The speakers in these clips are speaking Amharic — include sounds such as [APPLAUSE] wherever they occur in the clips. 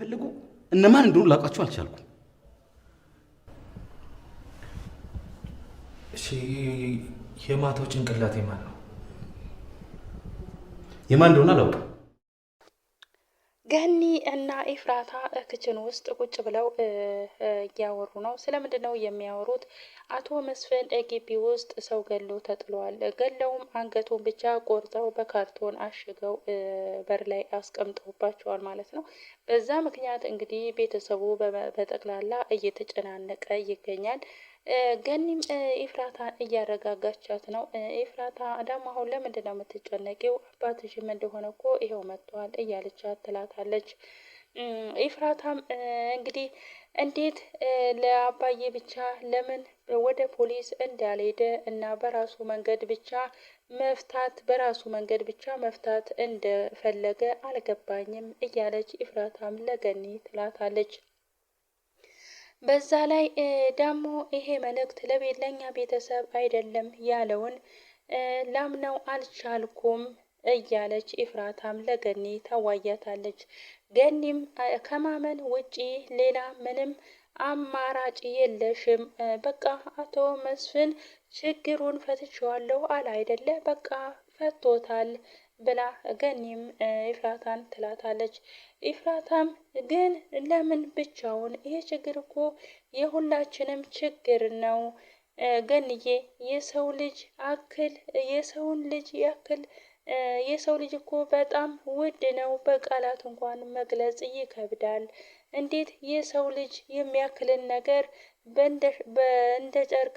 የሚፈልጉ እነማን እንደሆኑ ላውቃቸው አልቻልኩም። እሺ፣ የማታው ጭንቅላት የማን ነው? የማን እንደሆነ አላውቅም። ገኒ እና ኤፍራታ ክችን ውስጥ ቁጭ ብለው እያወሩ ነው። ስለምንድን ነው የሚያወሩት? አቶ መስፍን ግቢ ውስጥ ሰው ገሎ ተጥሏል። ገለውም አንገቱን ብቻ ቆርጠው በካርቶን አሽገው በር ላይ አስቀምጠውባቸዋል ማለት ነው። በዛ ምክንያት እንግዲህ ቤተሰቡ በጠቅላላ እየተጨናነቀ ይገኛል። ገኒም ኢፍራታን እያረጋጋቻት ነው። ኢፍራታ አዳም አሁን ለምንድን ነው የምትጨነቂው? አባትሽም እንደሆነ እኮ ይኸው መጥቷል እያለቻት ትላታለች። ኢፍራታም እንግዲህ እንዴት ለአባዬ ብቻ ለምን ወደ ፖሊስ እንዳልሄደ እና በራሱ መንገድ ብቻ መፍታት በራሱ መንገድ ብቻ መፍታት እንደፈለገ አልገባኝም እያለች ኢፍራታም ለገኒ ትላታለች። በዛ ላይ ደግሞ ይሄ መልእክት ለቤት ለእኛ ቤተሰብ አይደለም ያለውን ላምነው አልቻልኩም እያለች ኢፍራታም ለገኒ ታዋያታለች። ገኒም ከማመን ውጪ ሌላ ምንም አማራጭ የለሽም። በቃ አቶ መስፍን ችግሩን ፈትቼዋለሁ አለ አይደለ? በቃ ፈቶታል ብላ ገኒም ኢፍራታን ትላታለች። ኢፍራታም ግን ለምን ብቻውን? ይሄ ችግር እኮ የሁላችንም ችግር ነው። ገንዬ የሰው ልጅ አክል የሰውን ልጅ ያክል የሰው ልጅ እኮ በጣም ውድ ነው። በቃላት እንኳን መግለጽ ይከብዳል። እንዴት የሰው ልጅ የሚያክልን ነገር በእንደ ጨርቅ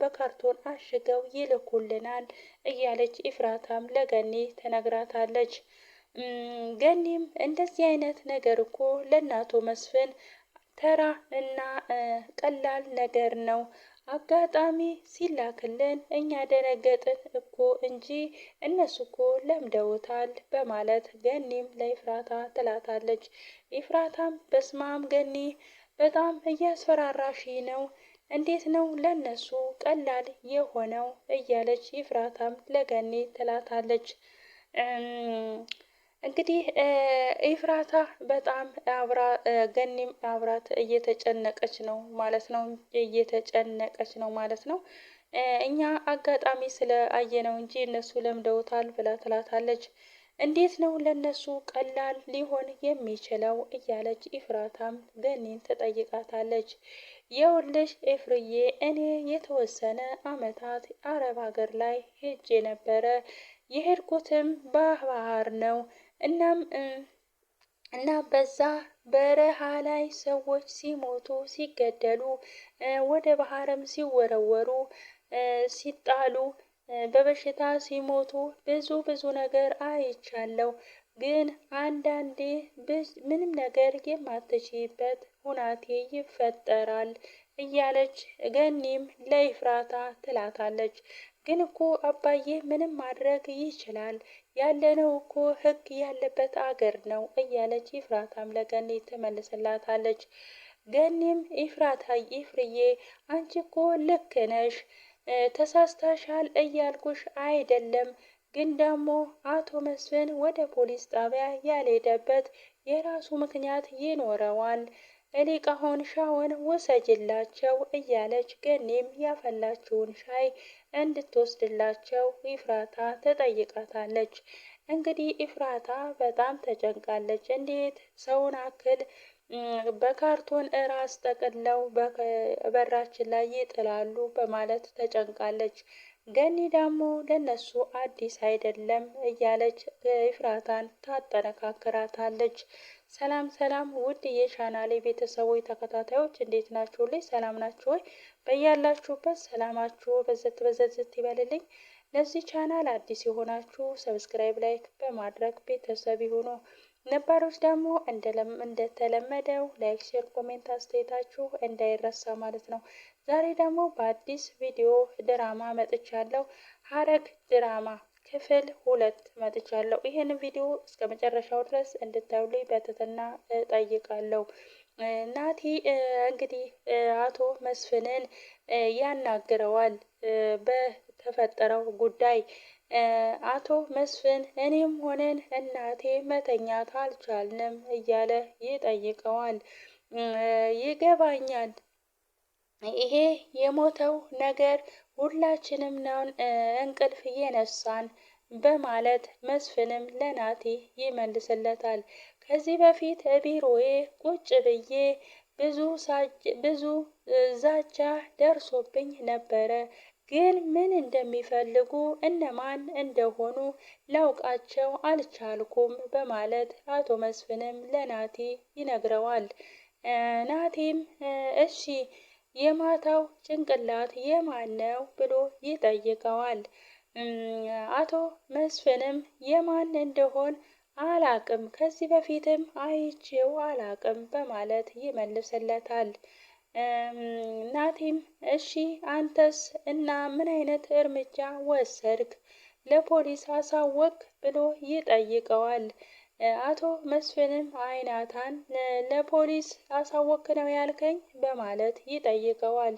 በካርቶን አሽገው ይልኩልናል እያለች ኢፍራታም ለገኒ ተነግራታለች። ገኒም እንደዚህ አይነት ነገር እኮ ለእናቶ መስፍን ተራ እና ቀላል ነገር ነው አጋጣሚ ሲላክልን እኛ ደነገጥን እኮ እንጂ እነሱ እኮ ለምደውታል በማለት ገኒም ለኢፍራታ ትላታለች። ኢፍራታም በስማም ገኒ በጣም እያስፈራራሽ ነው፣ እንዴት ነው ለነሱ ቀላል የሆነው እያለች ኢፍራታም ለገኒ ትላታለች። እንግዲህ ኤፍራታ በጣም አብራ ገኒም አብራት እየተጨነቀች ነው ማለት ነው እየተጨነቀች ነው ማለት ነው። እኛ አጋጣሚ ስለ ነው እንጂ እነሱ ለምደውታል ብላ ትላታለች። እንዴት ነው ለነሱ ቀላል ሊሆን የሚችለው እያለች ኢፍራታም ገኒን ትጠይቃታለች። የውልሽ ኤፍርዬ እኔ የተወሰነ አመታት አረብ ሀገር ላይ ሄጄ ነበረ የሄድኩትም ባህር ነው እናም እና በዛ በረሃ ላይ ሰዎች ሲሞቱ ሲገደሉ፣ ወደ ባህርም ሲወረወሩ፣ ሲጣሉ፣ በበሽታ ሲሞቱ ብዙ ብዙ ነገር አይቻለሁ። ግን አንዳንዴ ምንም ነገር የማትችይበት ሁናቴ ይፈጠራል እያለች ገኒም ለይፍራታ ትላታለች። ግን እኮ አባዬ ምንም ማድረግ ይችላል ያለነው እኮ ህግ ያለበት አገር ነው እያለች ኢፍራታም ለገኔ ትመልስላታለች። ገኔም ኢፍራታ ይፍርዬ፣ አንቺ እኮ ልክ ነሽ ተሳስተሻል እያልኩሽ አይደለም ግን ደግሞ አቶ መስፍን ወደ ፖሊስ ጣቢያ ያልሄደበት የራሱ ምክንያት ይኖረዋል እኔ ቀሆን ሻውን ውሰጅላቸው እያለች ገኔም ያፈላችውን ሻይ እንድትወስድላቸው ይፍራታ ትጠይቃታለች። እንግዲህ ኢፍራታ በጣም ተጨንቃለች። እንዴት ሰውን አክል በካርቶን እራስ ጠቅለው በራችን ላይ ይጥላሉ በማለት ተጨንቃለች። ገኒ ደግሞ ለነሱ አዲስ አይደለም እያለች ኢፍራታን ታጠነካክራታለች። ሰላም ሰላም ውድ የቻናሌ ቤተሰቦች ተከታታዮች እንዴት ናችሁ? ልጅ ሰላም ናችሁ ወይ? በያላችሁበት ሰላማችሁ በዘት በዘት ይበልልኝ። ለዚህ ቻናል አዲስ የሆናችሁ ሰብስክራይብ፣ ላይክ በማድረግ ቤተሰብ ይሁኑ። ነባሮች ደግሞ እንደተለመደው ላይክ፣ ሼር፣ ኮሜንት አስተያየታችሁ እንዳይረሳ ማለት ነው። ዛሬ ደግሞ በአዲስ ቪዲዮ ድራማ መጥቻለሁ። ሐረግ ድራማ ክፍል ሁለት መጥቻለሁ። ይህን ቪዲዮ እስከ መጨረሻው ድረስ እንድታዩልኝ በትህትና እጠይቃለሁ። ናቲ እንግዲህ አቶ መስፍንን ያናግረዋል በተፈጠረው ጉዳይ። አቶ መስፍን እኔም ሆነን እናቴ መተኛት አልቻልንም እያለ ይጠይቀዋል። ይገባኛል ይሄ የሞተው ነገር ሁላችንም ነውን እንቅልፍ እየነሳን በማለት መስፍንም ለናቲ ይመልስለታል። ከዚህ በፊት ቢሮዬ ቁጭ ብዬ ብዙ ዛቻ ደርሶብኝ ነበረ ግን ምን እንደሚፈልጉ እነማን እንደሆኑ ላውቃቸው አልቻልኩም በማለት አቶ መስፍንም ለናቲ ይነግረዋል። ናቴም እሺ የማታው ጭንቅላት የማን ነው ብሎ ይጠይቀዋል። አቶ መስፍንም የማን እንደሆን አላቅም፣ ከዚህ በፊትም አይቼው አላቅም በማለት ይመልስለታል። ናቲም እሺ አንተስ እና ምን አይነት እርምጃ ወሰድክ? ለፖሊስ አሳወቅ ብሎ ይጠይቀዋል። አቶ መስፍንም አይናታን ለፖሊስ አሳወክ ነው ያልከኝ በማለት ይጠይቀዋል።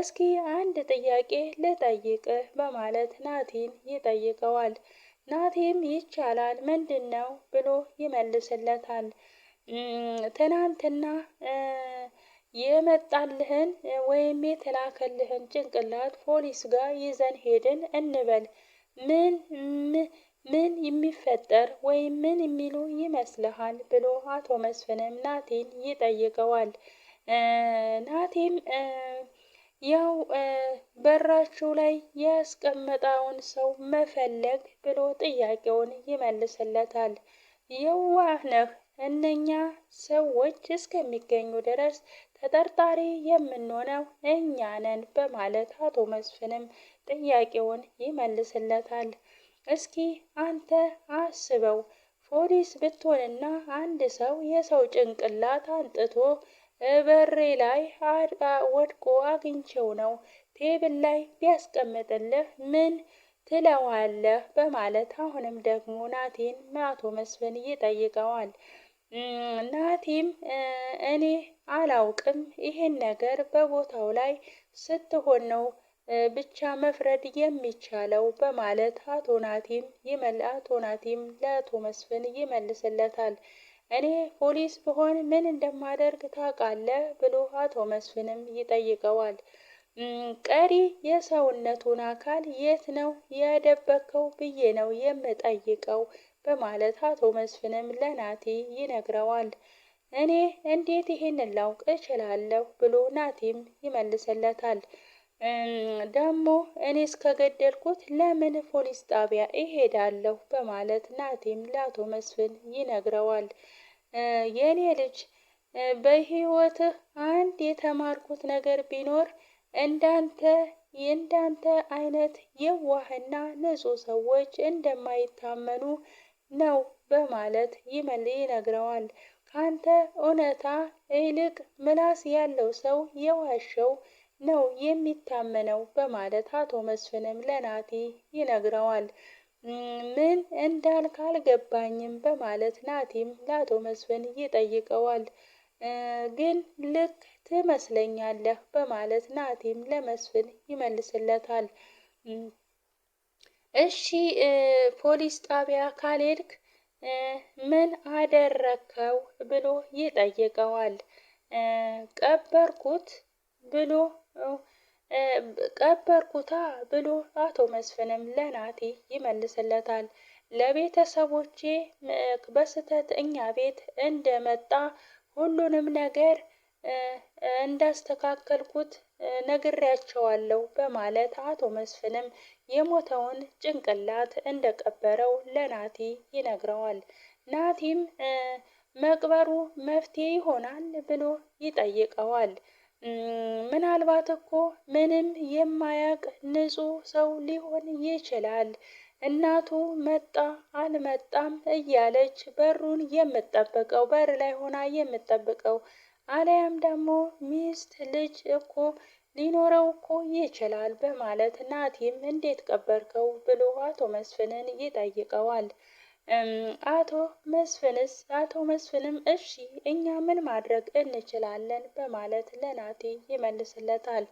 እስኪ አንድ ጥያቄ ልጠይቅ በማለት ናቲን ይጠይቀዋል። ናቲም ይቻላል ምንድን ነው ብሎ ይመልስለታል። ትናንትና የመጣልህን ወይም የተላከልህን ጭንቅላት ፖሊስ ጋር ይዘን ሄድን እንበል ምን ምን የሚፈጠር ወይም ምን የሚሉ ይመስልሃል ብሎ አቶ መስፍንም ናቴን ይጠይቀዋል። ናቴም ያው በራችሁ ላይ ያስቀመጠውን ሰው መፈለግ ብሎ ጥያቄውን ይመልስለታል። የዋህ ነህ፣ እነኛ ሰዎች እስከሚገኙ ድረስ ተጠርጣሪ የምንሆነው እኛ ነን በማለት አቶ መስፍንም ጥያቄውን ይመልስለታል። እስኪ አንተ አስበው ፖሊስ ብትሆንና አንድ ሰው የሰው ጭንቅላት አንጥቶ በሬ ላይ አድቃ ወድቆ አግኝቼው ነው ቴብል ላይ ቢያስቀምጥልህ ምን ትለዋለህ? በማለት አሁንም ደግሞ ናቴን አቶ መስፍን ይጠይቀዋል። ናቲም እኔ አላውቅም ይህን ነገር በቦታው ላይ ስትሆን ነው ብቻ መፍረድ የሚቻለው በማለት አቶ ናቲም ይመል አቶ ናቲም ለአቶ መስፍን ይመልስለታል። እኔ ፖሊስ ብሆን ምን እንደማደርግ ታውቃለህ ብሎ አቶ መስፍንም ይጠይቀዋል። ቀሪ የሰውነቱን አካል የት ነው የደበከው ብዬ ነው የምጠይቀው በማለት አቶ መስፍንም ለናቲ ይነግረዋል። እኔ እንዴት ይህንን ላውቅ እችላለሁ ብሎ ናቲም ይመልስለታል። ደግሞ እኔ እስከገደልኩት ለምን ፖሊስ ጣቢያ እሄዳለሁ? በማለት ናቲም ለአቶ መስፍን ይነግረዋል። የኔ ልጅ በህይወትህ አንድ የተማርኩት ነገር ቢኖር እንዳንተ የእንዳንተ አይነት የዋህና ንጹህ ሰዎች እንደማይታመኑ ነው በማለት ይመል ይነግረዋል። ካንተ እውነታ ይልቅ ምላስ ያለው ሰው የዋሸው ነው የሚታመነው በማለት አቶ መስፍንም ለናቲ ይነግረዋል። ምን እንዳልክ አልገባኝም በማለት ናቲም ለአቶ መስፍን ይጠይቀዋል። ግን ልክ ትመስለኛለህ በማለት ናቲም ለመስፍን ይመልስለታል። እሺ ፖሊስ ጣቢያ ካልሄድክ ምን አደረከው ብሎ ይጠይቀዋል። ቀበርኩት ብሎ ቀበርኩታ ብሎ አቶ መስፍንም ለናቲ ይመልስለታል። ለቤተሰቦቼ በስህተት እኛ ቤት እንደመጣ ሁሉንም ነገር እንዳስተካከልኩት ነግሬያቸዋለሁ በማለት አቶ መስፍንም የሞተውን ጭንቅላት እንደቀበረው ለናቲ ይነግረዋል። ናቲም መቅበሩ መፍትሄ ይሆናል ብሎ ይጠይቀዋል። ምናልባት እኮ ምንም የማያውቅ ንጹሕ ሰው ሊሆን ይችላል። እናቱ መጣ አልመጣም እያለች በሩን የምጠብቀው በር ላይ ሆና የምጠብቀው አለያም ደግሞ ሚስት ልጅ እኮ ሊኖረው እኮ ይችላል በማለት ናቲም እንዴት ቀበርከው ብሎ አቶ መስፍንን ይጠይቀዋል። አቶ መስፍንስ አቶ መስፍንም እሺ እኛ ምን ማድረግ እንችላለን በማለት ለናቴ ይመልስለታል።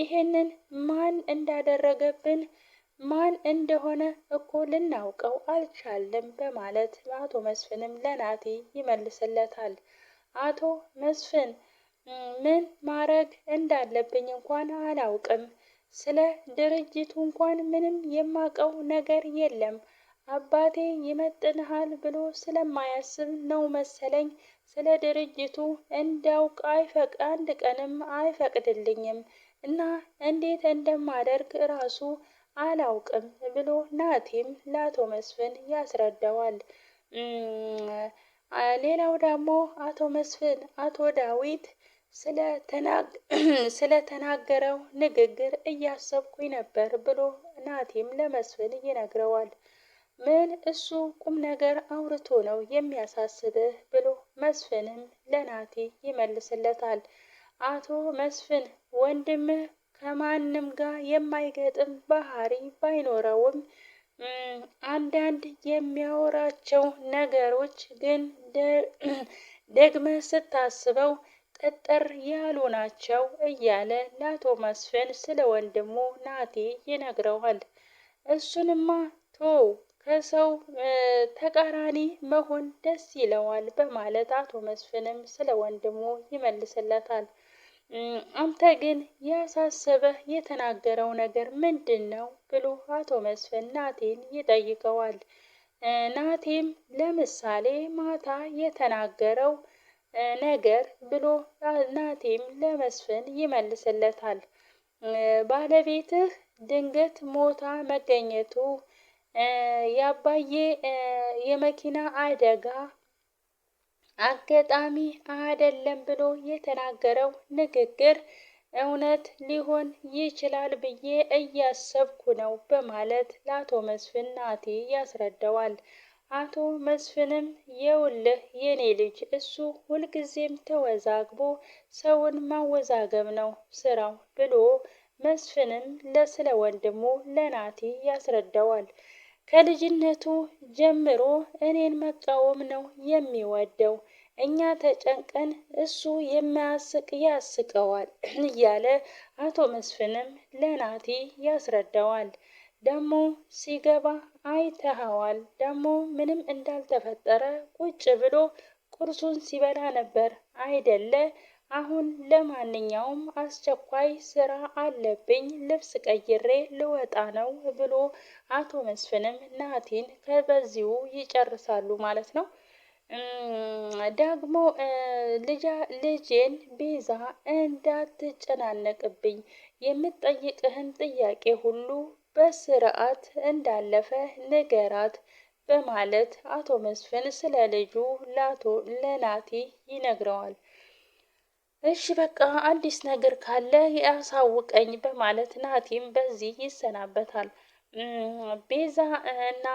ይሄንን ማን እንዳደረገብን ማን እንደሆነ እኮ ልናውቀው አልቻልም በማለት አቶ መስፍንም ለናቴ ይመልስለታል። አቶ መስፍን ምን ማድረግ እንዳለብኝ እንኳን አላውቅም፣ ስለ ድርጅቱ እንኳን ምንም የማውቀው ነገር የለም አባቴ ይመጥንሃል ብሎ ስለማያስብ ነው መሰለኝ ስለ ድርጅቱ እንዳውቅ አንድ ቀንም አይፈቅድልኝም እና እንዴት እንደማደርግ ራሱ አላውቅም ብሎ ናቲም ለአቶ መስፍን ያስረዳዋል። ሌላው ደግሞ አቶ መስፍን አቶ ዳዊት ስለተናገረው [CLEARS THROAT] ንግግር እያሰብኩኝ ነበር ብሎ ናቲም ለመስፍን ይነግረዋል። ምን እሱ ቁም ነገር አውርቶ ነው የሚያሳስብህ ብሎ መስፍንን ለናቲ ይመልስለታል። አቶ መስፍን ወንድምህ ከማንም ጋር የማይገጥም ባህሪ ባይኖረውም አንዳንድ የሚያወራቸው ነገሮች ግን [CLEARS THROAT] ደግመ ስታስበው ጠጠር ያሉ ናቸው እያለ ለአቶ መስፍን ስለ ወንድሙ ናቲ ይነግረዋል። እሱንማ ቶ ከሰው ተቃራኒ መሆን ደስ ይለዋል በማለት አቶ መስፍንም ስለ ወንድሙ ይመልስለታል። አንተ ግን ያሳሰበህ የተናገረው ነገር ምንድን ነው ብሎ አቶ መስፍን ናቴን ይጠይቀዋል። ናቴም ለምሳሌ ማታ የተናገረው ነገር ብሎ ናቴም ለመስፍን ይመልስለታል። ባለቤትህ ድንገት ሞታ መገኘቱ የአባዬ የመኪና አደጋ አጋጣሚ አይደለም ብሎ የተናገረው ንግግር እውነት ሊሆን ይችላል ብዬ እያሰብኩ ነው በማለት ለአቶ መስፍን ናቲ ያስረዳዋል። አቶ መስፍንም የውልህ የኔ ልጅ እሱ ሁልጊዜም ተወዛግቦ ሰውን ማወዛገብ ነው ስራው ብሎ መስፍንም ለስለ ወንድሙ ለናቲ ያስረዳዋል። ከልጅነቱ ጀምሮ እኔን መቃወም ነው የሚወደው። እኛ ተጨንቀን እሱ የማያስቅ ያስቀዋል [CLEARS THROAT] እያለ አቶ መስፍንም ለናቲ ያስረዳዋል። ደሞ ሲገባ አይተኸዋል፣ ደሞ ምንም እንዳልተፈጠረ ቁጭ ብሎ ቁርሱን ሲበላ ነበር አይደለ አሁን ለማንኛውም አስቸኳይ ስራ አለብኝ ልብስ ቀይሬ ልወጣ ነው ብሎ አቶ መስፍንም ናቲን ከበዚሁ ይጨርሳሉ ማለት ነው። ደግሞ ልጄን ቤዛ እንዳትጨናነቅብኝ የምጠይቅህን ጥያቄ ሁሉ በስርዓት እንዳለፈ ንገራት በማለት አቶ መስፍን ስለ ልጁ ለአቶ ለናቲ ይነግረዋል። እሺ በቃ አዲስ ነገር ካለ ያሳውቀኝ በማለት ናቲም በዚህ ይሰናበታል። ቤዛ እና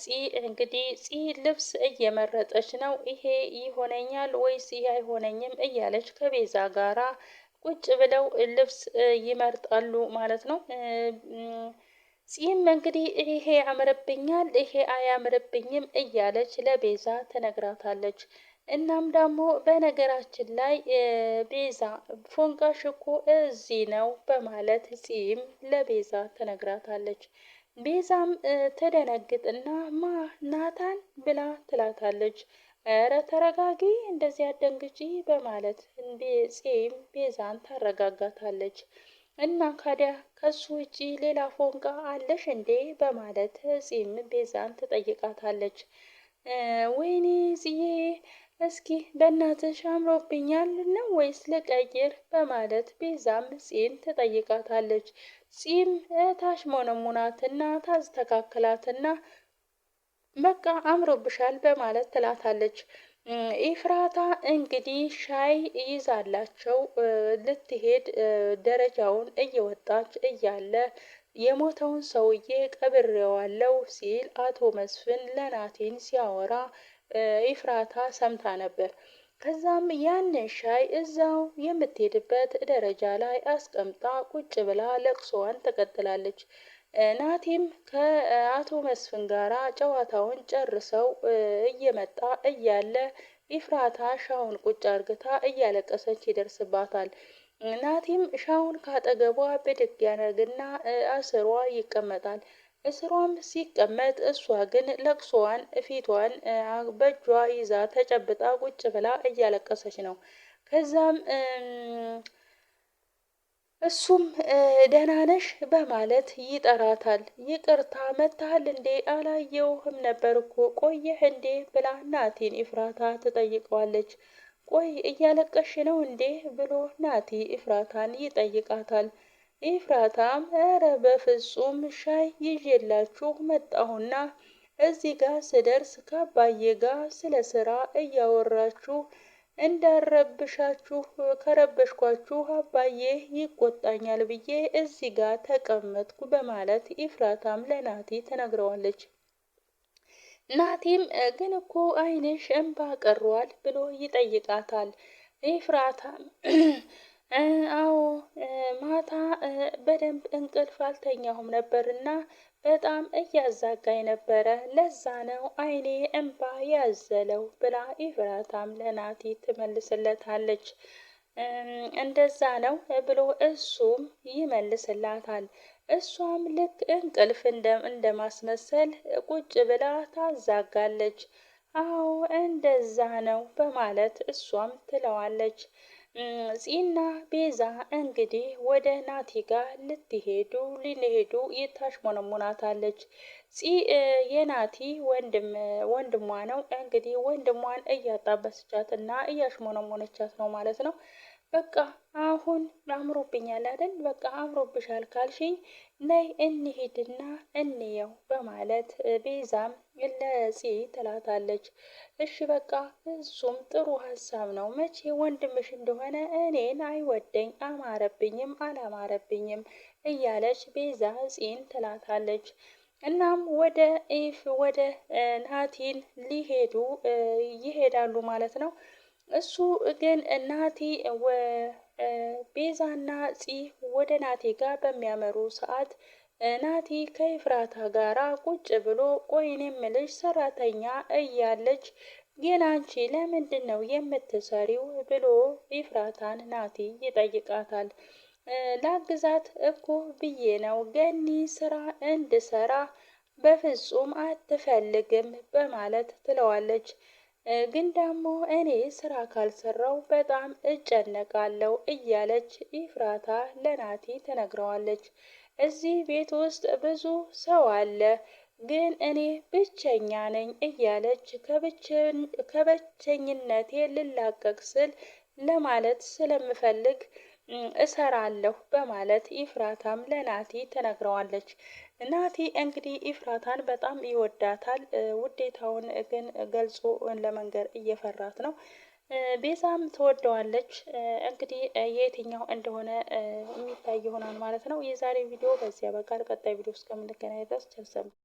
ፂ እንግዲህ ፂ ልብስ እየመረጠች ነው። ይሄ ይሆነኛል ወይስ ይሄ አይሆነኝም እያለች ከቤዛ ጋራ ቁጭ ብለው ልብስ ይመርጣሉ ማለት ነው። ፂም እንግዲህ ይሄ ያምርብኛል፣ ይሄ አያምርብኝም እያለች ለቤዛ ትነግራታለች። እናም ደግሞ በነገራችን ላይ ቤዛ ፎንቃሽ እኮ እዚህ ነው በማለት ጺም ለቤዛ ተነግራታለች። ቤዛም ትደነግጥ እና ማ ናታን ብላ ትላታለች። ኧረ ተረጋጊ፣ እንደዚህ አደንግጪ በማለት ጺም ቤዛን ታረጋጋታለች። እና ካዲያ ከሱ ውጪ ሌላ ፎንቃ አለሽ እንዴ በማለት ጺም ቤዛን ትጠይቃታለች። ወይኔ ጽዬ እስኪ በእናትሽ አምሮብኛል ነው ወይስ ልቀይር? በማለት ቤዛም ጺን ትጠይቃታለች። ጺም ታሽሞነሙናትና ታስተካክላትና በቃ አምሮብሻል በማለት ትላታለች። ኢፍራታ እንግዲህ ሻይ ይዛላቸው ልትሄድ ደረጃውን እየወጣች እያለ የሞተውን ሰውዬ ቀብሬዋለሁ ሲል አቶ መስፍን ለናቴን ሲያወራ ኢፍራታ ሰምታ ነበር። ከዛም ያንን ሻይ እዛው የምትሄድበት ደረጃ ላይ አስቀምጣ ቁጭ ብላ ለቅሶዋን ትቀጥላለች። ናቲም ከአቶ መስፍን ጋራ ጨዋታውን ጨርሰው እየመጣ እያለ ኢፍራታ ሻውን ቁጭ አርግታ እያለቀሰች ይደርስባታል። ናቲም ሻውን ካጠገቧ ብድግ ያደርግና አስሯ ይቀመጣል። እስሯም ሲቀመጥ እሷ ግን ለቅሶዋን ፊቷን በእጇ ይዛ ተጨብጣ ቁጭ ብላ እያለቀሰች ነው። ከዛም እሱም ደህና ነሽ በማለት ይጠራታል። ይቅርታ መታል እንዴ አላየውህም ነበር እኮ ቆየህ እንዴ ብላ ናቲን ይፍራታ ትጠይቀዋለች። ቆይ እያለቀሽ ነው እንዴ ብሎ ናቲ ይፍራታን ይጠይቃታል። ኢፍራታም ኧረ በፍጹም ሻይ ይዤላችሁ መጣሁና እዚህ ጋር ስደርስ ከአባዬ ጋር ስለ ስራ እያወራችሁ እንዳረብሻችሁ ከረበሽኳችሁ አባዬ ይቆጣኛል ብዬ እዚህ ጋር ተቀመጥኩ በማለት ኢፍራታም ለናቲ ተነግረዋለች። ናቲም ግን እኮ አይንሽ እንባ ቀሯል ብሎ ይጠይቃታል። ኢፍራታም አዎ ማታ በደንብ እንቅልፍ አልተኛሁም ነበርና በጣም እያዛጋኝ ነበረ። ለዛ ነው አይኔ እምባ ያዘለው ብላ ኢፍራታም ለናቲ ትመልስለታለች። እንደዛ ነው ብሎ እሱም ይመልስላታል። እሷም ልክ እንቅልፍ እንደማስመሰል ቁጭ ብላ ታዛጋለች። አዎ እንደዛ ነው በማለት እሷም ትለዋለች። ጺና ቤዛ እንግዲህ ወደ ናቲ ጋር ልትሄዱ ልንሄዱ የታሽሞነሙናታለች። ጺ የናቲ ወንድሟ ነው እንግዲህ ወንድሟን እያጣበስቻት እና እያሽሞነሞነቻት ነው ማለት ነው። በቃ አሁን አምሮብኛል አይደል? በቃ አምሮብሻል ካልሽኝ ነይ እንሂድና እንየው በማለት ቤዛም ለጺ ትላታለች። እሺ በቃ እሱም ጥሩ ሀሳብ ነው። መቼ ወንድምሽ እንደሆነ እኔን አይወደኝ አማረብኝም አላማረብኝም እያለች ቤዛ ጺን ትላታለች። እናም ወደ ኢፍ ወደ ናቲን ሊሄዱ ይሄዳሉ ማለት ነው። እሱ ግን ናቲ ቤዛና ፂ ወደ ናቲ ጋር በሚያመሩ ሰዓት ናቲ ከይፍራታ ጋራ ቁጭ ብሎ ቆይን እኔ የምልሽ ሰራተኛ እያለች ግን አንቺ ለምንድን ነው የምትሰሪው ብሎ ይፍራታን ናቲ ይጠይቃታል። ላግዛት እኮ ብዬ ነው ገኒ ስራ እንድሰራ በፍጹም አትፈልግም በማለት ትለዋለች። ግን ደግሞ እኔ ስራ ካልሰራው በጣም እጨነቃለሁ እያለች ኢፍራታ ለናቲ ተነግረዋለች። እዚህ ቤት ውስጥ ብዙ ሰው አለ፣ ግን እኔ ብቸኛ ነኝ እያለች ከብቸኝነቴ ልላቀቅ ስል ለማለት ስለምፈልግ እሰራለሁ በማለት ኢፍራታም ለናቲ ተነግረዋለች። እናቴ እንግዲህ ኢፍራታን በጣም ይወዳታል። ውዴታውን ግን ገልጾ ለመንገር እየፈራት ነው። ቤዛም ትወደዋለች። እንግዲህ የትኛው እንደሆነ የሚታይ ይሆናል ማለት ነው። የዛሬ ቪዲዮ በዚህ ያበቃል። ቀጣይ ቪዲዮ እስከምንገናኝ ድረስ ቸር ሰንብቱ።